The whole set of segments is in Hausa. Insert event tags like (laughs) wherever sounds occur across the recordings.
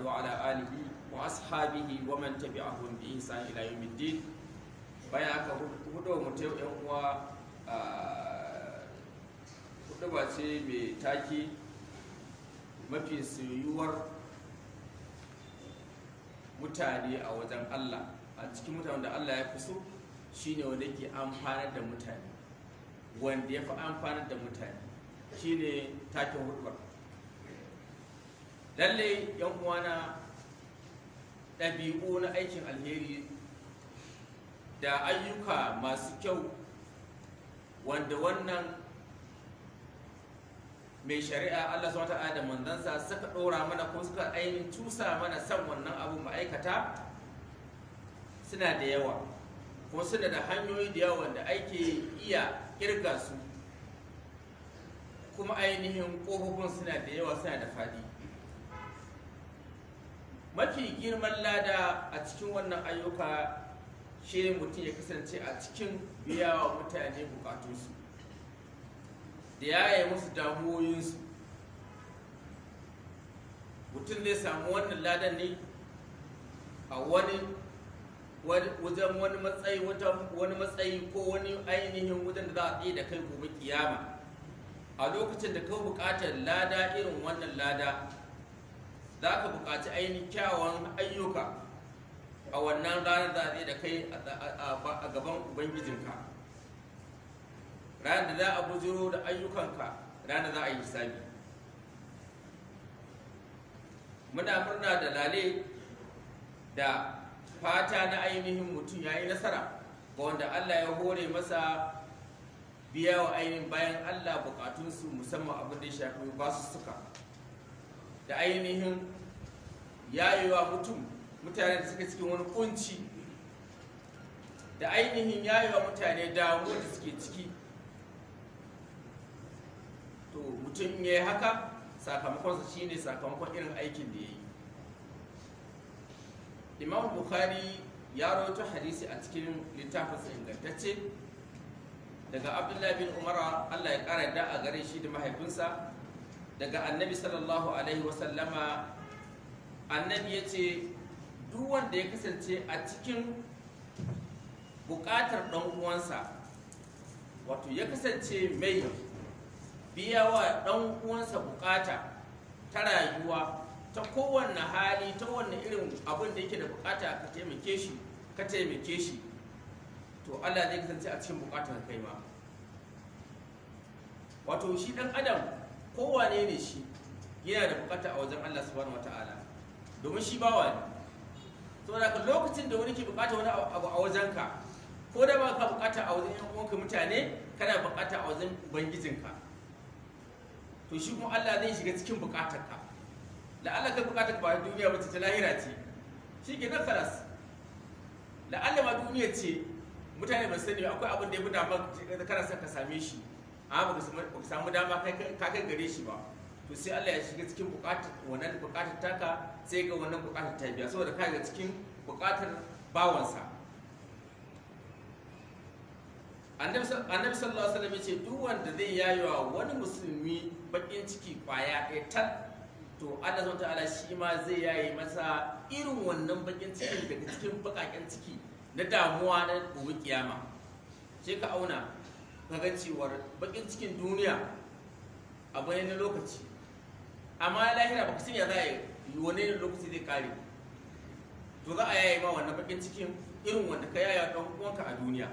وعلى آله وأصحابه ومن تبعهم بإحسان إلى يوم الدين bayan aka hudu mutum yan uwa a hudu ce mai taki mafi suyuwar mutane a wajen Allah a cikin mutane da Allah ya fi so shine wanda ke amfanar da mutane wanda ya fi amfanar da mutane shine takin hudubar lalle yan uwana ɗabi'u na aikin alheri da ayyuka masu kyau wanda wannan mai shari'a Allah subhanahu ta'ala da manzansa suka ɗora mana kuma suka ainihin tusa mana san wannan abu ma'aikata suna da yawa kuma suna da hanyoyi da yawa wanda ake iya kirga su kuma ainihin ƙofofin suna da yawa suna da faɗi mafi girman lada a cikin wannan ayyuka shi mutum ya kasance a cikin biya wa mutane bukatunsu da ya yi musu damuwoyinsu mutum zai samu wannan ladan ne a wani wajen wani matsayi wani matsayi ko wani ainihin wajen da za a tsaye da kai gobe kiyama a lokacin da ka bukatar lada irin wannan lada za ka buƙaci ainihin kyawawan ayyuka a wannan ranar da zai da kai a gaban ubangijinka ranar da za a bujiro da ayyukanka ranar za a yi sami muna murna da lale da fata na ainihin mutum ya yi nasara ga wanda allah ya hore masa biya wa ainihin bayan allah bukatunsu musamman abin da ya shafi basu suka da ainihin yayewa mutum mutane da suke cikin wani kunci da ainihin yayewa mutane damuwa da suke ciki to mutum ya yi haka sakamakonsa shine sakamakon irin aikin da ya yi imam bukhari ya rawaito hadisi a cikin littafinsa ingantacce daga abdullahi bin umara allah ya kara da a gare shi da mahaifinsa daga annabi sallallahu alaihi wasallama annabi ya ce duk wanda ya kasance a cikin buƙatar ɗan uwansa wato ya kasance mai biya wa ɗan uwansa buƙata ta rayuwa ta kowanne hali ta wanne irin abin da yake da bukata ka taimake shi ka taimake shi to Allah zai kasance a cikin bukatar kai ma wato shi dan adam kowane ne shi yana da bukata a wajen Allah subhanahu wataala domin shi bawa ne to ka lokacin da wani ke bukata wani abu a wajen ka ko da ba ka bukata a wajen yan ka mutane kana bukata a wajen bangijinka, to shi kuma Allah zai shiga cikin bukatarka la'alla kai bukatar ba duniya ba ta lahira ce shi ke nan faras la'alla ma duniya ce mutane ba sani akwai abin da ya fi damar kana son ka same shi amma baka samu dama ka kai gare shi ba to sai Allah ya shiga cikin bukatar wannan bukatar taka sai ga wannan bukatar ta biya saboda ka ga cikin bukatar bawansa annabi sallallahu alaihi wasallam ce duk wanda zai yayewa wani musulmi bakin ciki kwaya ɗaya tan to Allah subhanahu ta'ala shi ma zai yaye masa irin wannan bakin ciki daga cikin bakaken ciki na damuwa na gobe kiyama sai ka auna kaga cewar bakin cikin duniya a bayan lokaci amma lahira baka sanya za a yi wani lokaci zai kare to za a yaye ma wannan bakin cikin irin wanda ka yaya ɗan uwanka a duniya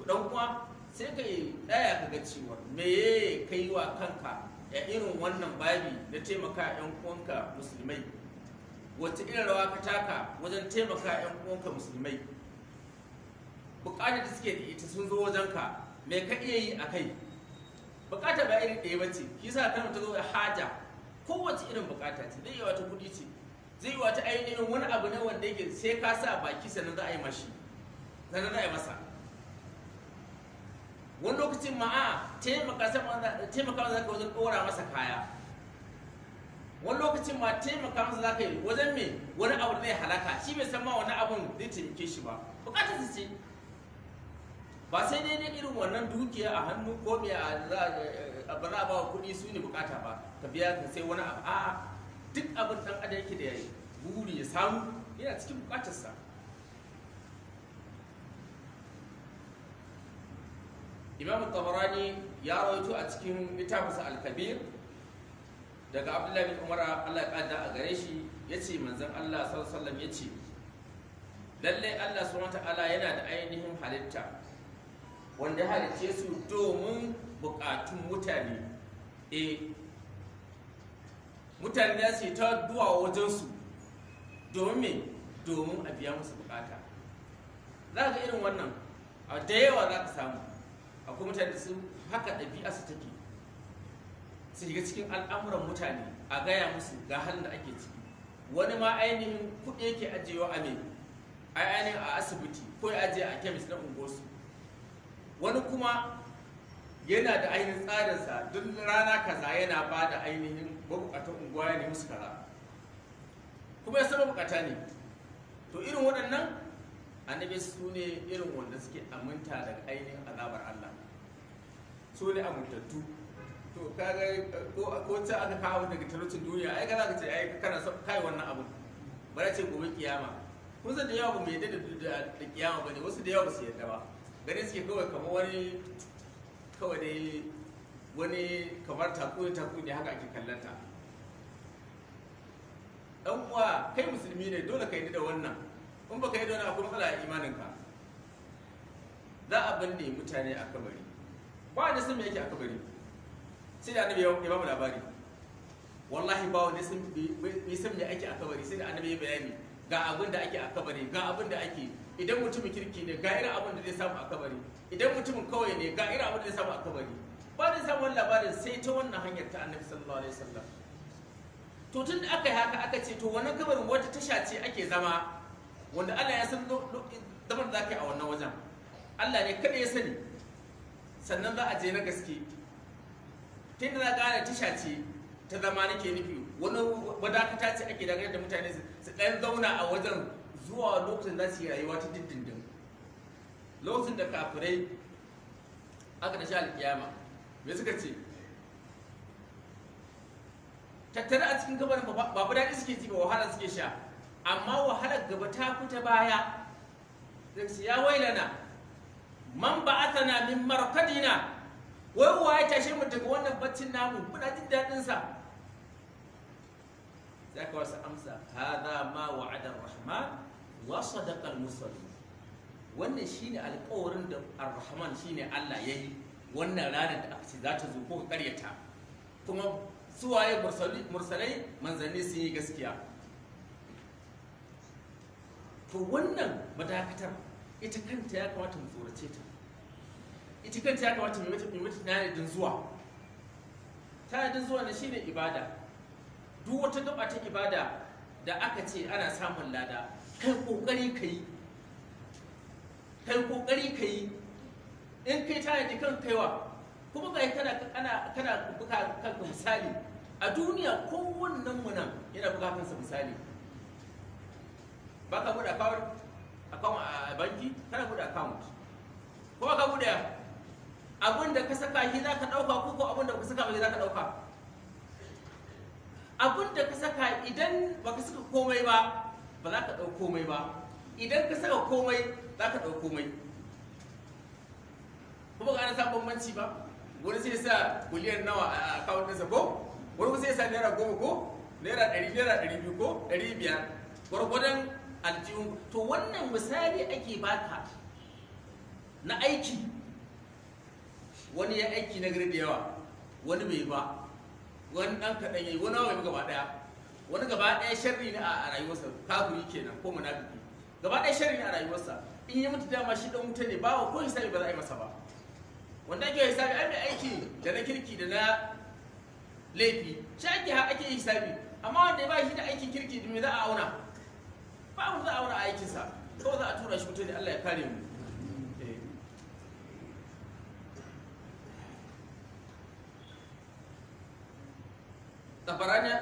to dan kuma sai ka yi daya ka ga cewa me ye kai wa kanka ya irin wannan babi na taimaka yan uwanka musulmai wata irin rawa ka taka wajen taimaka yan uwanka musulmai bukatar da suke da ita sun zo wajenka me ka iya yi a kai bukata ba iri ɗaya bace shi sa kan ta zo haja kowace irin bukata ce zai yi wata kuɗi ce zai yi wata ainihin wani abu ne wanda yake sai ka sa baki sannan za a yi mashi sannan za a yi masa wani lokacin ma a taimaka taimaka za ka wajen ɗora masa kaya wani lokacin ma taimaka masa ka yi wajen me wani abu zai halaka shi bai san ma wani abun zai taimake shi ba bukatar ce ba sai dai dai irin wannan dukiya a hannu ko me a za a ba kuɗi su ne bukata ba ka biya ka sai wani abu a'a duk abin dan adam yake da buri ya samu yana cikin bukatarsa imam tabarani ya rawaito a cikin littafinsa al-kabir daga abdullahi bin umar allah ya kada a gare shi ya ce allah sallallahu ya ce lallai allah subhanahu wa ta'ala yana da ainihin halitta wanda halice su domin bukatun mutane e mutane ya su yi ta duwa wajensu domin domin a biya musu bukata za ka irin wannan a da yawa za ka samu akwai mutane su haka ɗabi'a su take su shiga cikin al'amuran mutane a gaya musu ga halin da ake ciki wani ma ainihin kuɗi yake ajiyewa a mai ainihin a asibiti ko ya ajiye a kemis na unguwarsu wani kuma yana da ainihin tsarinsa duk rana kaza yana ba da ainihin mabukatan unguwa ya nemi su kuma ya san mabukata ne to irin waɗannan annabi su ne irin wanda suke aminta daga ainihin azabar Allah su ne amintattu to kaga ko ta aka kawo daga talaucin duniya ai kaza ka ce ai kana kai wannan abu ba ce gobe kiyama kun san da yawa ba mai yadda da kiyama ba ne wasu da yawa ba su yadda ba ganin suke kawai kamar wani kawai dai wani kamar takuni takuni haka ake kallanta dan uwa kai musulmi ne dole ka yi da wannan in baka yi da wannan akwai matsala a imaninka za a binne mutane a kabari ba da sun me yake a kabari sai da annabi ya ba mu labari wallahi ba wani sun bai san me ake a kabari sai da annabi ya bayani ga abin da ake a kabari ga abin da ake idan mutumin kirki ne ga irin abin da zai samu a kabari idan mutumin kawai ne ga irin abin da zai samu a kabari ba da samun labarin sai ta wannan hanyar ta annabi sallallahu alaihi wasallam to tun da aka yi haka aka ce to wannan kabarin wata tasha ce ake zama wanda Allah ya san zaman da zaka yi a wannan wajen Allah ne kada ya sani sannan za a je na gaske tun da za gane tasha ce ta zama nake nufi wani wadakata ce ake dangane da mutane su ɗan zauna a wajen zuwa lokacin za su yi rayuwa ta dindindin lokacin da kafirai aka tashi alkiyama me suka ce tattare a cikin gabar ba daɗi suke cika wahalar suke sha amma wahalar gaba ta baya da su ya wailana man ba'athana min marqadina wai uwa ya tashe mu daga wannan baccin namu muna jin daɗin sa za ka wasu amsa hadha ma wa'adar rahman wa sadaqal mursalin wannan shine alƙawarin da ar-rahman shine Allah ya yi wannan ranar da aka ce za ta zo ko ka karyata kuma suwaye mursalai manzanni sun yi gaskiya to wannan madakatar ita kanta ya kamata mu tsorace ta ita kanta ya kamata mu yi mata tanadin zuwa Ta tanadin zuwa na shine ibada duk wata gaba ta ibada da aka ce ana samun lada kai kokari ka yi kai kokari ka yi in kai da kan kaiwa kuma kai kana kana kana buka kanka misali a duniya kowannen mu nan yana buka kansa misali ba ka buɗe account account a banki kana buɗe account ko ka buɗe abin da ka saka shi za ka ɗauka ko ko abin da ka saka ba za ka ɗauka abin da ka saka idan baka saka komai ba ba za ka ɗau komai ba idan ka saka komai za ka ɗau komai kuma ga na sa bambanci ba wani sai sa miliyan nawa a akawun ɗinsa ko wani sai sa naira goma ko naira ɗari naira ɗari biyu ko ɗari biyar gwargwadon aljihun to wannan misali ake baka na aiki wani ya aiki na gari da yawa wani bai ba wani ɗan kaɗan ya yi wani awa ya gaba ɗaya wani gaba ɗaya sharri ne a rayuwarsa kafiri kenan ko munafiki gaba ɗaya sharri ne a rayuwarsa in yi mutu dama shi dan wuta ne ba wa ko hisabi ba za a yi masa ba wanda ake hisabi ai mai aiki da na kirki da na laifi shi ake ha ake hisabi amma wanda ba shi da aikin kirki da me za a auna ba mu za a auna a aikinsa ko za a tura shi wuta ne Allah ya kare mu tabarani eh.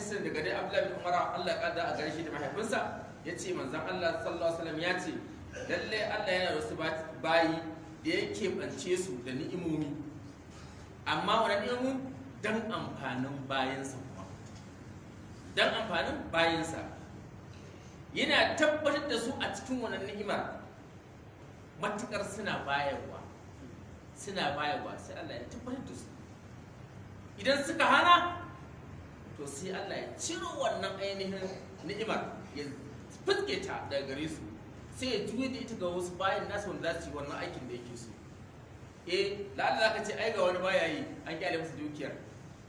hadisin daga dai Abdullahi bin Umar Allah ya kada a gare shi da mahaifinsa yace manzon Allah sallallahu alaihi wasallam ya ce lalle Allah yana da wasu bayi da yake bance su da ni'imomi amma wani ni'imomi dan amfanin bayansa kuma dan amfanin bayansa yana tabbatar da su a cikin wannan ni'imar matukar suna bayarwa suna bayarwa sai Allah ya tabbatar da su idan suka hana to sai Allah ya ciro wannan ainihin ni'imar ya fitke ta daga gare su sai ya juye da ita ga wasu bayan nasu wanda za su yi wannan aikin da yake so eh la'alla zaka ce ai ga wani baya yi an kyale masa dukiyar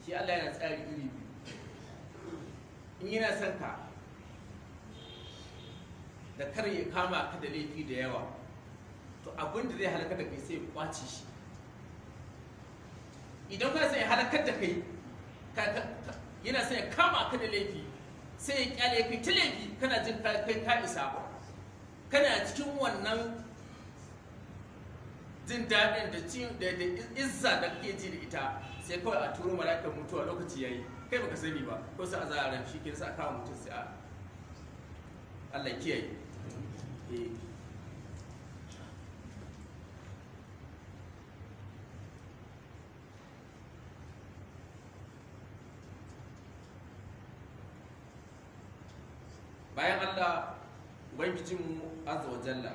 shi Allah yana tsari iri biyu in yana son ka da kar ya kama ka da laifi da yawa to abin da zai halaka da kai sai ya kwace shi idan ka sai halakar da kai yana sai ya kama ka da laifi sai ya kyale kai ta laifi kana jin kai ka isa kana cikin wannan jin daɗin da da izza da kake ji da ita sai kawai a turo malakar mutuwa lokaci yayi kai baka sani ba ko sai a za a ran shi ke sa kawo mutum sai a Allah kiyaye eh. bayan Allah ubangijinmu azza wa jalla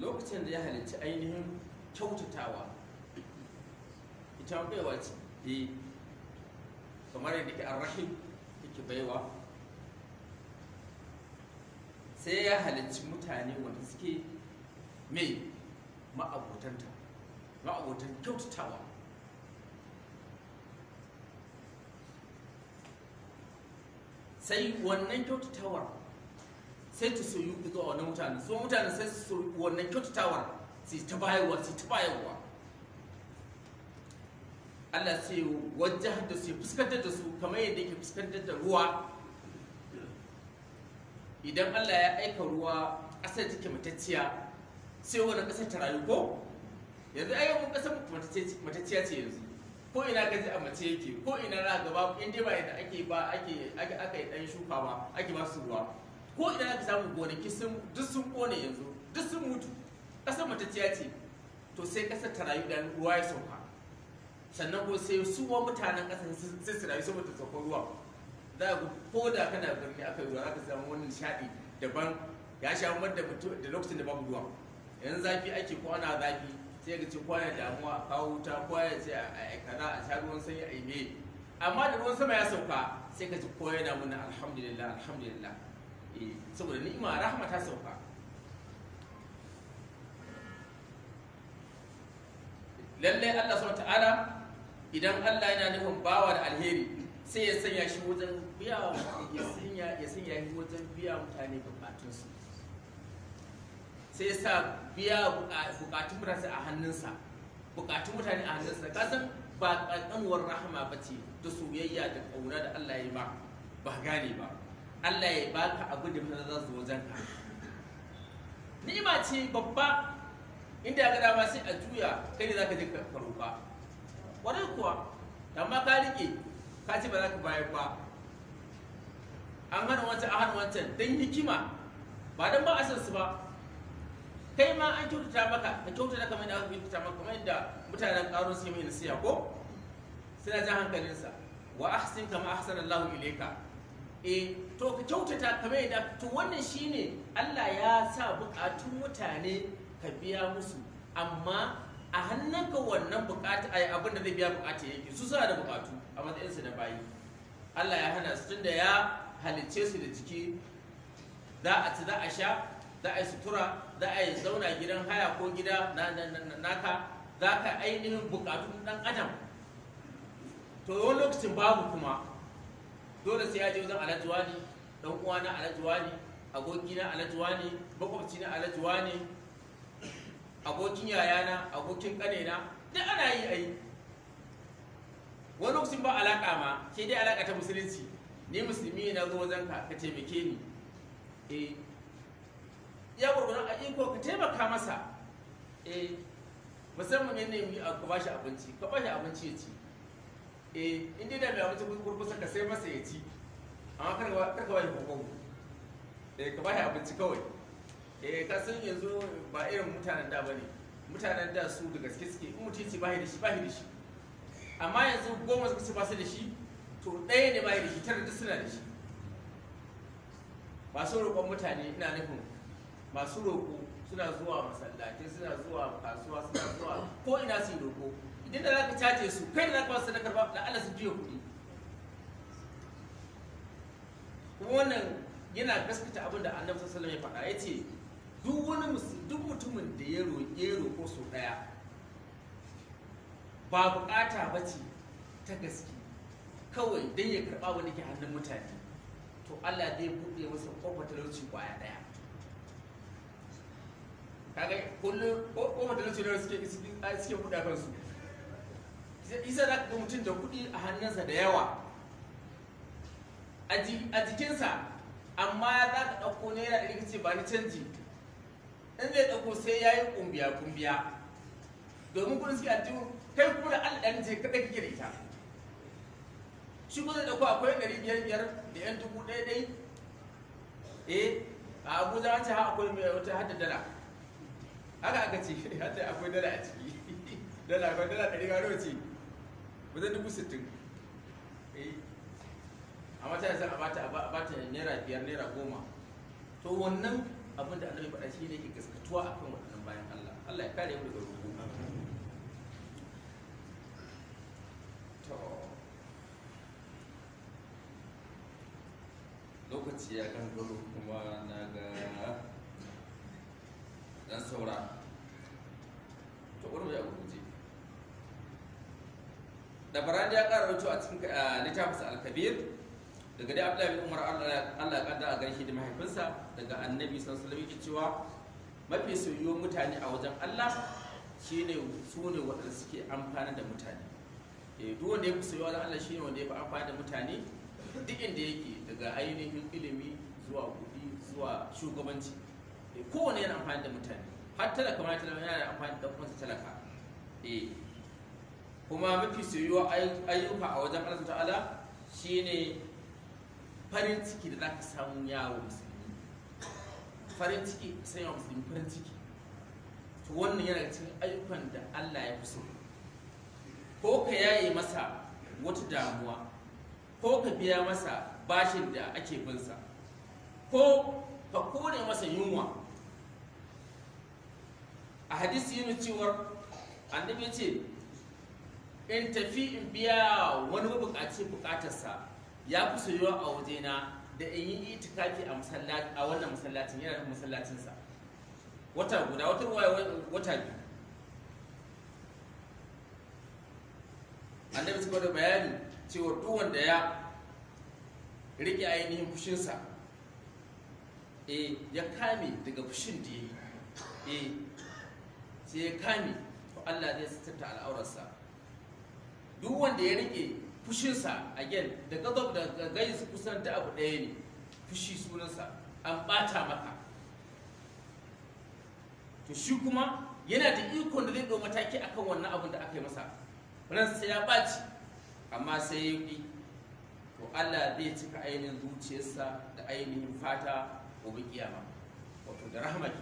lokacin da ya halicci ainihin kyautatawa ita baiwa ce eh kamar yadda ke arrahim yake baiwa sai ya halicci mutane wanda suke mai ma'abotanta ma'abotan kyautatawa sai wannan kyautatawar sai ta soyu daga wannan mutane su mutane sai su wannan kyautatawar sai ta bayarwa sai ta bayarwa Allah sai wajen da su fuskantar da su kamar yadda yake fuskantar da ruwa idan Allah ya aika ruwa ƙasar take matacciya sai wani ƙasar ta rayu ko yanzu ai mun ƙasar matacciya ce yanzu ko ina gaji a mace yake ko ina na gaba in dai ba yadda ake ba ake aka yi dan shuka ba ake ba su ruwa ko idan aka samu gonaki duk sun kone yanzu duk sun mutu mata matacciya ce to sai kasar ta rayu da ruwa ya sauka sannan ko sai su wa mutanen kasar sai su rayu saboda sauka ruwa za ka ko da kana birni aka yi ruwa za ka samu wani nishaɗi daban ya sha da da lokacin da babu ruwa yanzu zafi ake ko ana zafi sai ka ce ana damuwa kawo wuta ya ce a kaza a sha ruwan sanyi a yi amma da ruwan sama ya sauka sai ka ci ko yana muna alhamdulillah alhamdulillah Eh, saboda ni'ima rahama ta sauka lallai Allah subhanahu ta'ala idan Allah yana nufin bawa da alheri sai ya sanya shi wajen biya ya sanya ya sanya shi wajen biya mutane bukatunsu sai ya sa biya bukatun mutane a hannunsa bukatun mutane a hannunsa ka san ba ƙanƙanuwar rahama ba ce da soyayya da ƙauna da Allah ya ba ba gane ba Allah ya baka a gudun da za su wajen ka ni'ima ce babba inda ya gada sai a juya kai ne za ka je ka roƙa Wannan kuwa amma ka rike ka ce ba za ka bayar ba an hana wancan an hana wancan don hikima ba don ba a san su ba kai ma an kyautata maka ka kyautata kamar yadda aka kyautata maka kamar yadda mutanen ƙaro su yi mai nasiya ko suna jan hankalinsa wa ahsin kama ahsan Allahu ilayka eh to ka kyautata kamar yadda to wannan shine Allah ya sa bukatun mutane ka biya musu amma a hannunka wannan bukata a yi da zai biya ya yake su sa da bukatu a matsayin da na bayi Allah ya hana su da ya halicce su da jiki za a ci za a sha za a yi sutura za a yi zauna gidan haya ko gida na naka za ka ainihin bukatun dan adam to wani lokacin babu kuma dole sai ya je wajen alhaji wani dan na alhaji wani aboki na alhaji wani makwabci na alhaji wani abokin yayana abokin kanena duk ana yi ai wani lokacin ba alaka ma ke dai alaka ta musulunci ni musulmi na zo wajen ka ka taimake ni eh ya gurgurun a iko ka taimaka masa eh musamman yanayin a ka bashi abinci ka bashi abinci ya ci eh in dai da mai abinci gurgusa ka sai masa ya ci amma kar ka bai hukun eh ka bai abinci kawai eh ka san yanzu ba irin mutanen da bane mutanen da su da gaske suke in mutum ce bai da shi bai da shi amma yanzu goma suka ce ba su da shi to ɗaya ne bai da shi tare da suna da shi masu roƙon mutane ina nufin masu roƙo suna zuwa masallaci, suna zuwa kasuwa suna zuwa ko ina su yi roƙo inda za ka caje su kai da za ka wasu sadakar ba da Allah su biya kuɗi kuma wannan yana gaskata abin da annabi sallallahu alaihi wasallam ya faɗa yace duk wani duk mutumin da ya roƙe roƙo so ɗaya ba buƙata ba ce ta gaske kawai dan ya karɓa wani ke hannun mutane to Allah zai buɗe masa ƙofar talauci ƙwaya ɗaya kaga kullum ƙofar talauci ne suke suke buɗa kansu isa za ka ga mutum da kuɗi a hannunsa da yawa a jikinsa amma za ka ɗauko naira ɗari ka ce ba ni canji in zai ɗauko sai ya yi ƙumbiya ƙumbiya domin kudin suke aljihu kai kuma da allah ce kaɗai kake da ita shi kuma zai ɗauko akwai ɗari biyar biyar da yan dubu ɗaya ɗai eh a abuja an ce ha akwai mai wata hada dala haka aka ce (laughs) hada akwai dala a ciki (laughs) dala akwai dala ɗari gano ce wajen dubu sittin eh. a mata ya a bata a bata naira biyar naira goma to wannan abin da annabi faɗa shi ne ke gaskatuwa a kan waɗannan bayan Allah Allah ya kare mu daga rubu to lokaci ya kan gudu kuma na ga dan saura to wani ya gudu dabaran ya ƙara rawaito a cikin eh, littafinsa al-kabir daga dai abdullahi bin umar allah ya kaddara a gaishe da mahaifinsa daga annabi sallallahu alaihi wasallam cewa mafi soyayyo mutane a wajen allah shine su ne waɗanda suke amfana da mutane eh, duk wanda ya fi soyuwa wajen allah shine wanda ya fi amfana da mutane duk inda yake daga ainihin ilimi zuwa kudi zuwa shugabanci eh, kowane yana amfani da mutane har talaka ma talaka yana amfani da ɗan'uwansa talaka eh kuma mafi soyuwa ayyuka a wajen Allah ta'ala shine farin ciki da zaka samu yawo musulmi farin ciki sai yawo musulmi farin ciki to wannan yana cikin ayyukan da Allah ya fi so ko ka yaye masa wata damuwa ko ka biya masa bashin da ake binsa ko ka kone masa yunwa a hadisi yana cewar annabi ce in tafi in biya wani mabukaci bukatarsa ya fi soyuwa a wajena da in yi itikafi a wannan masallacin yana da masallacinsa wata guda wata ruwa wata biyu annabi suka da bayani cewa duk wanda ya rike ainihin fushinsa e ya kame daga fushin da ya yi e sai ya kame to Allah zai sitarta al'aurarsa duk wanda ya rike fushinsa again da gazab da gais kusan da abu ɗaya ne fushi sunansa an ɓata maka to shi kuma yana da ikon da zai ɗau mataki akan wannan abin da aka yi masa wannan sai ya ɓaci amma sai ya yi to Allah zai cika ainihin zuciyarsa da ainihin fata gobe kiyama wato da rahama ke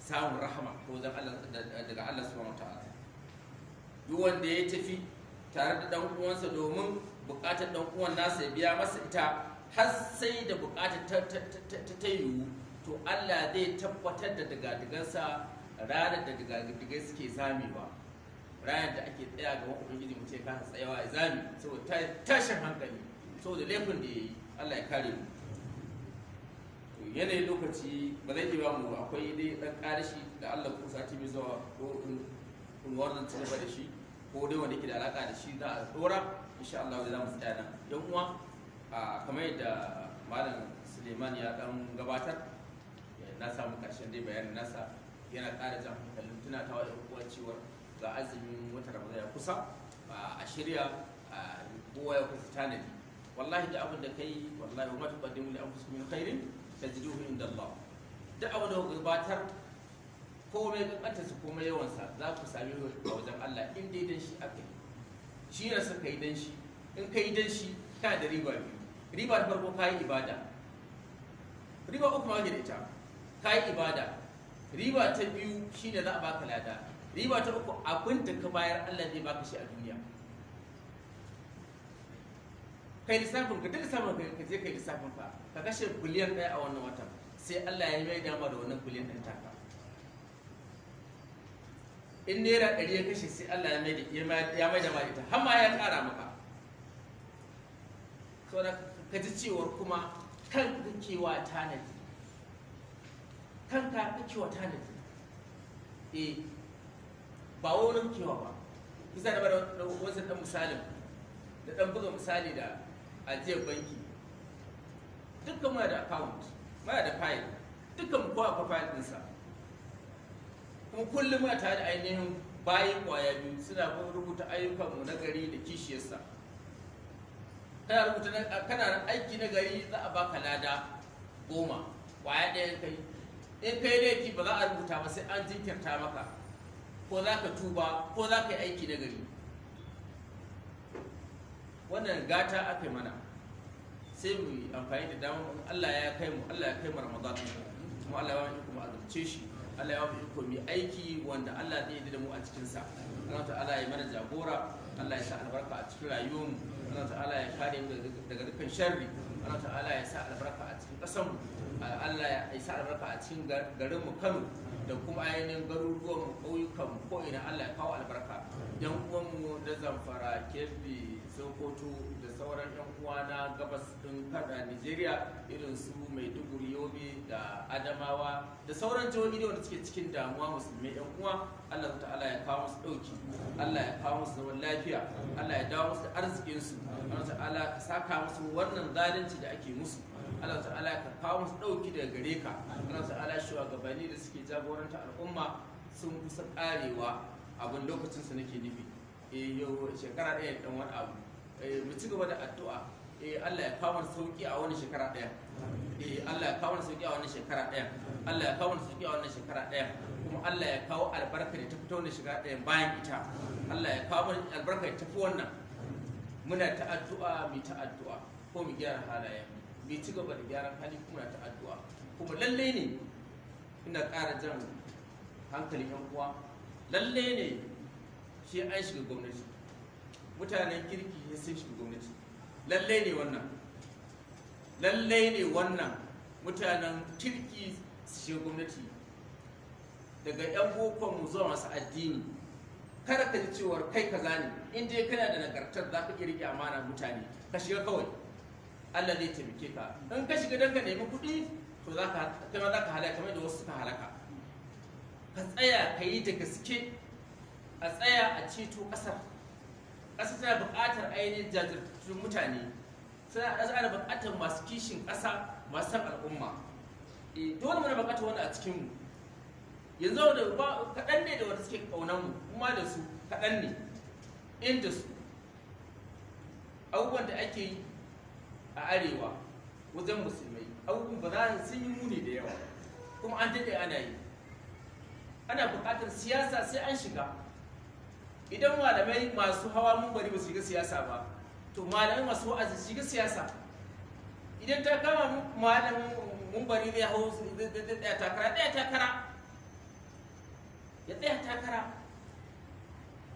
samun rahama ko daga Allah subhanahu wa ta'ala duk wanda ya tafi tare da dan uwansa domin bukatar dan uwan nasa ya biya masa ita har sai da bukatar ta ta yiwu to Allah zai tabbatar da digadigansa ranar da digadigai suke zamewa ranar da ake tsaya ga wani ubangiji mu ce kasa tsayawa ya zame saboda tashin hankali saboda laifin da ya yi Allah ya kare mu yanayin lokaci ba zai iya mu akwai dai dan karishi da Allah ku sati mai zuwa ko in wannan ci gaba da shi ko dai wanda ke da alaka da shi za a dora insha Allah da zamu tsaya nan yan uwa kamar yadda malam Suleiman ya dan gabatar eh, na samu karshen dai bayanin nasa yana ƙara jan hankalin tunatawa da uwa cewa ga azumin wata Ramadan ya kusa a shirya kowa ya kusa tanadi wallahi da abin da kai wallahi wa ma tuqaddimu li anfusikum min khairin tajiduhu inda Allah da abin da gabatar komai kankanta su komai yawansa za ku sami a wajen Allah in dai dan shi aka yi shi na sa ka yi dan shi in ka yi dan shi ta da riba biyu riba ta farko kayi ibada riba uku ma da ita kayi ibada riba ta biyu shi ne za a baka lada riba ta uku abin da ka bayar Allah zai baka shi a duniya kai lissafin ka duk lissafin ka je kai lissafin ka ka kashe biliyan ɗaya a wannan watan sai Allah ya mai dama da wannan biliyan ɗin taka in naira ɗari ya kashe sai Allah ya maida da ma ita har ya ƙara maka da ka ji cewar kuma kan kake wa tanadi ka kake wa tanadi eh ba wani kewa ba kusa da wasu ɗan misalin da ɗan buga misali da ajiyar banki dukkan mana da account mana da file dukkan mu kowa akwai file ɗinsa kuma kullum muna tare da ainihin bayan kwaya biyu suna kuma rubuta ayyukanmu na gari da kishiyarsa kana rubuta kana aiki na gari za a baka lada goma kwaya ɗaya kai in kai laifi ba za a rubuta ba sai an jinkirta maka ko za ka tuba ko za ka yi aiki na gari wannan gata aka yi mana sai mu yi amfani da damar Allah ya kai mu Allah ya kai mu Ramadan kuma Allah ya yi kuma azurce shi Allah ya wafi iko mai aiki wanda Allah zai yi da mu a cikinsa Allah ta'ala ya mana jagora Allah ya sa albarka a cikin mu. Allah ta'ala ya kare mu daga dukkan sharri Allah ta'ala ya sa albarka a cikin kasanmu. Allah ya sa albarka a cikin garin mu Kano da kuma ainihin garuruwanmu mu ko ina Allah ya kawo albarka yan uwan mu da zamfara kebbi sokoto da sauran yan uwa na gabas ɗin fada Nigeria irin su Maiduguri Yobe da Adamawa da sauran jihohi da wanda suke cikin damuwa musulmai yan uwa Allah ta'ala ya kawo musu dauki Allah ya kawo musu zaman lafiya Allah ya dawo musu da arzikin su Allah ta'ala saka musu wannan zalunci da ake musu Allah ta'ala ka kawo musu dauki daga gare ka Allah ta'ala shugabanni da suke jagoranta al'umma sun kusa karewa abin lokacin su nake nufi eh yau shekara ɗaya dan wani abu Eh, mu ci gaba da addu'a eh, Allah ya kawo sauki a wani eh, shekara ɗaya Allah ya kawo sauki a wani shekara ɗaya Allah ya kawo sauki a wani shekara ɗaya kuma Allah ya kawo albarka da ta fito wani shekara ɗaya bayan ita Allah ya kawo albarka da ta fi wannan muna ta addu'a mu ta addu'a ko mu gyara halaye mu ci gaba da gyaran hali kuma ta addu'a kuma lalle ne ina ƙara jan hankalin yan uwa lalle ne shi an shiga gwamnati mutanen kirki ya sun shiga gwamnati lallai ne wannan lallai ne wannan mutanen kirki su shiga gwamnati daga yan bokon mu zuwa masu addini kada ka ji cewar kai ka ne in dai kana da nagartar za ka iya rike amana mutane ka shiga kawai Allah zai taimake ka in ka shiga don ka nemi kuɗi to za ka kama za ka halaka kamar da wasu suka halaka ka tsaya ka yi da gaske a tsaya a ceto ƙasar ƙasa tana buƙatar ainihin jajirtattun mutane tana ana buƙatar masu kishin ƙasa masu san al'umma e, dole muna buƙatar wani a cikinmu yanzu da ba kaɗan ne da wanda suke ƙaunar kuma da su kaɗan ne inda su abubuwan da ake yi a arewa wajen musulmai abubuwan ba za sun yi muni da yawa kuma an daɗe ana yi ana buƙatar siyasa sai an shiga idan malamai masu hawa mun bari ba su shiga siyasa ba to malamai masu wa'azi su shiga siyasa idan ta kama malamin bari zai hau zai tsaya takara ɗaya takara ya tsaya takara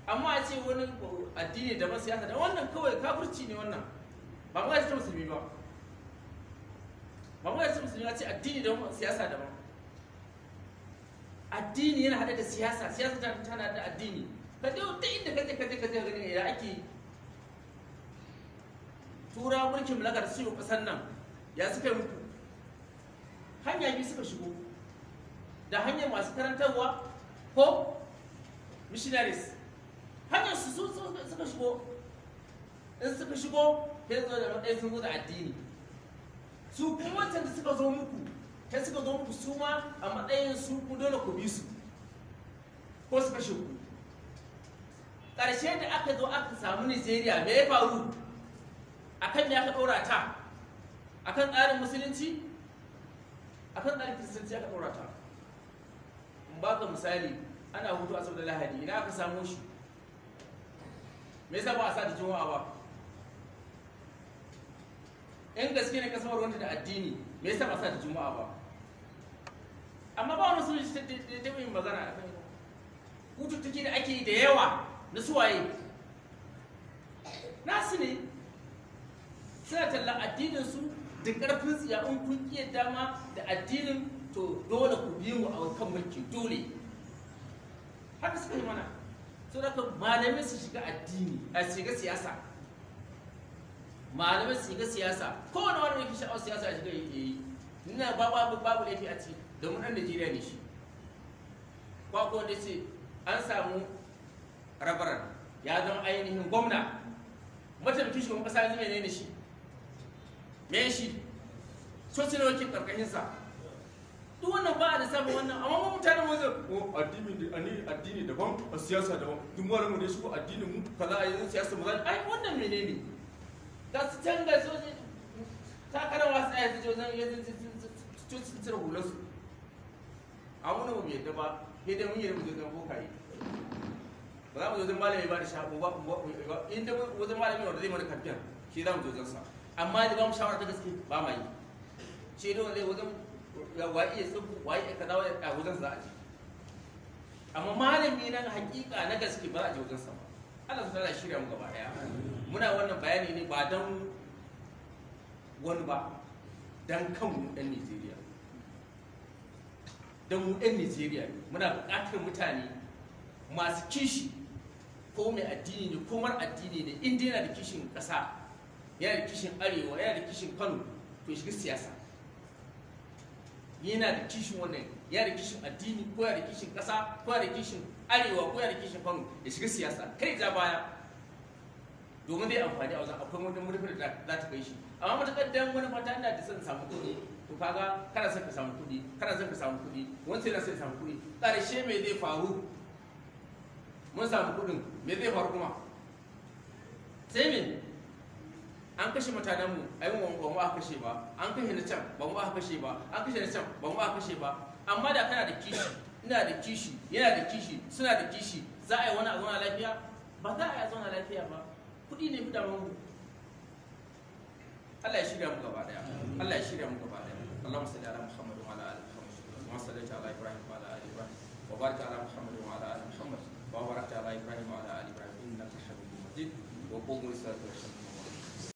amma a ce wani addini da masu siyasa da wannan kawai kafurci ne wannan ba ma ta musulmi ba ba mu ta musulmi a ce addini da siyasa daban addini yana hada da siyasa siyasa ta tana da addini ka je duk inda kaje kaje kaje ka gani ya ake tura mulkin mulkar su yi kasan nan ya suka mutu hanya biyu suka shigo da hanyar masu karantarwa ko missionaries hanyar su su suka shigo in suka shigo ke zo da matsayin sun zo da addini su kuma wancan da suka zo muku sai suka zo muku su ma a matsayin su ku dole ku bi su ko suka shigo Karshe da aka zo aka samu nigeria me ya faru akan ne aka ɗora ta akan tsarin musulunci akan tsarin kiristanci aka ɗora ta in ba ka misali ana hutu a saboda lahadi ina aka samo shi me yasa ba a sa da juma'a ba in gaske ne kasar wanda da addini me yasa ba a sa da juma'a ba amma ba wani sun da ta yi magana a kan hututtuki da ake yi da yawa na suwaye nasu ne suna talla addininsu da ƙarfin tsiya in kun iya dama da addinin to dole ku bi mu a kan mulki dole haka suka yi mana so da ka malamai su shiga addini a shiga siyasa malamai su shiga siyasa kowane wani yake sha'awar siyasa a shiga yi ina babu babu laifi a ciki domin ɗan Najeriya ne shi ba ko wanda ce an samu rabaran ya zama ainihin gwamna mataimakin shugaban kasa ne menene shi me shi sosinokin karkashinsa duk wannan ba da sabon wannan amma mu mutanen mu zai ko addini da ani addini daban a siyasa daban duk mu ne su addini mu kaza a yanzu siyasa mu zai ai wannan menene da su canza sojoji takarar wasu ɗaya su je wajen cire a wani mu yadda ba yadda mun yi da mu zai bokaye ba za mu zozin malami ba da shago ba in da wajen malami wanda zai mana kamfen shi za mu zo sa amma da ba mu shawara ta gaske ba ma yi shi ne wanda wajen wa iya sabu wa iya kaza wa a wajen za a je amma malami nan hakika na gaske ba za a je wajen sa ba Allah su tana shirya mu gaba daya muna wannan bayani ne ba don wani ba don kanmu ɗan Nijeriya don mu ɗan Nijeriya muna buƙatar mutane masu kishi ko mai addini ne ko mar addini ne in yana da kishin ƙasa yana da kishin arewa yana da kishin kano to shiga siyasa yana da kishin wannan yana da kishin addini ko yana da kishin ƙasa ko yana da kishin arewa ko yana da kishin kano ya shiga siyasa kai ja baya domin zai amfani a wajen akwai wani murfin da za ta kai shi amma matuƙar da wani fata ina da son samu kuɗi to kaga kana son ka samu kuɗi kana son ka samu kuɗi wani sai na son samu kuɗi ƙarshe me zai faru mun samu kudin me zai faru kuma sai me an kashe mutanen mu ai ba mu aka kashe ba an kashe na can ba mu aka kashe ba an kashe na can ba mu aka kashe ba amma da kana da kishi ina da kishi yana da kishi suna da kishi za a yi wani a zauna lafiya ba za a yi a zauna lafiya ba kudi ne fi damar mu Allah ya shirya mu gaba daya Allah ya shirya mu gaba daya Allahumma salli ala Muhammad wa ala ali Muhammad wa sallallahu ala Ibrahim wa ala ali Ibrahim wa baraka ala Muhammad وباركت على ابراهيم وعلى ال ابراهيم انك حميد مجيد وقوموا للصلاه والسلام